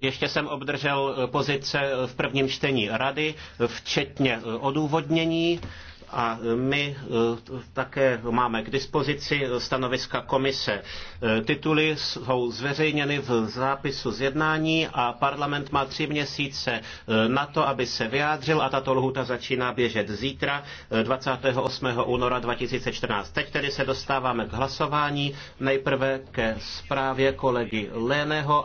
Ještě jsem obdržel eh, pozice eh, v prvním čtení rady, eh, včetně odůvodnění. A my eh, také máme k dispozici stanoviska komise. Eh, tituly jsou zveřejněny v zápisu z jednání a parlament má tři měsíce eh, na to, aby se vyjádřil a tato lhuta začíná běžet zítra 28. února 2014. Teď tedy se dostáváme k hlasování. Nejprve ke zprávě kolegy Léného